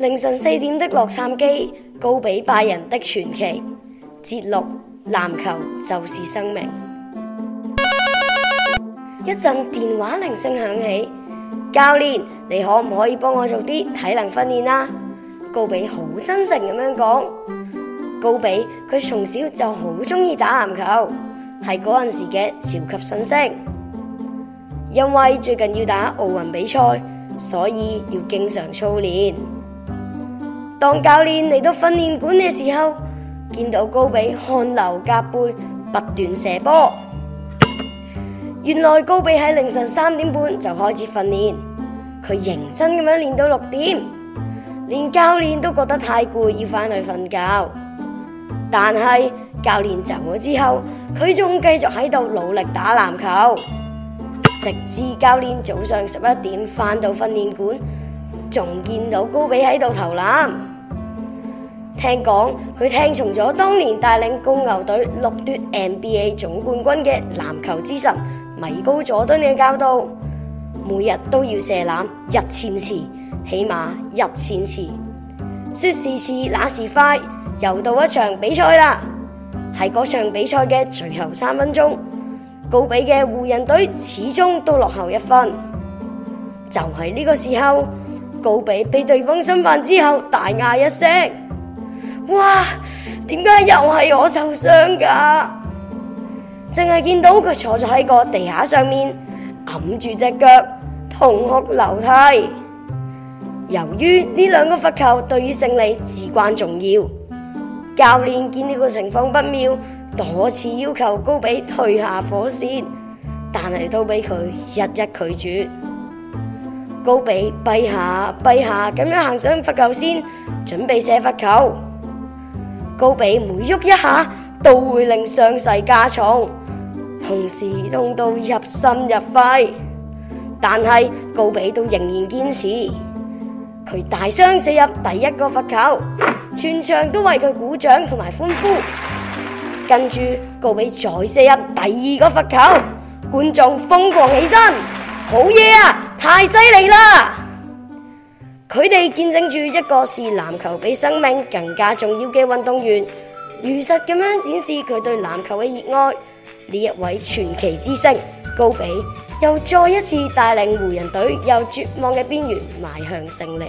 凌晨四點的洛杉磯，高比拜仁的傳奇。節錄：籃球就是生命。一陣電話鈴聲響起，教練，你可唔可以幫我做啲體能訓練啊？高比好真誠咁樣講。高比佢從小就好中意打籃球，係嗰陣時嘅超級新星。因為最近要打奧運比賽，所以要經常操練。當教練嚟到訓練館嘅時候，見到高比汗流浹背，不斷射波。原來高比喺凌晨三點半就開始訓練，佢認真咁樣練到六點，連教練都覺得太攰，要翻去瞓覺。但係教練走咗之後，佢仲繼續喺度努力打籃球，直至教練早上十一點翻到訓練館，仲見到高比喺度投籃。聽講佢聽從咗當年帶領公牛隊六奪 NBA 總冠軍嘅籃球之神米高佐敦嘅教導，每日都要射籃一千次，起碼一千次。說時遲那時快，又到一場比賽啦，喺嗰場比賽嘅最後三分鐘，高比嘅湖人隊始終都落後一分。就係、是、呢個時候，高比被對方侵犯之後，大嗌一聲。哇！點解又係我受傷噶？淨係見到佢坐咗喺個地下上面，揞住隻腳，痛哭流涕。由於呢兩個罰球對於勝利至關重要，教練見呢個情況不妙，多次要求高比退下火線，但係都俾佢一一拒絕。高比，陛下，陛下咁樣行上罰球線，準備射罰球。高比每喐一下，都會令傷勢加重，同時痛到入心入肺。但係高比都仍然堅持，佢大聲射入第一個罰球，全場都為佢鼓掌同埋歡呼。跟住高比再射入第二個罰球，觀眾瘋狂起身，好嘢啊！太犀利啦！佢哋見證住一個是籃球比生命更加重要嘅運動員，如實咁樣展示佢對籃球嘅熱愛。呢一位傳奇之星高比又再一次帶領湖人隊由絕望嘅邊緣邁向勝利。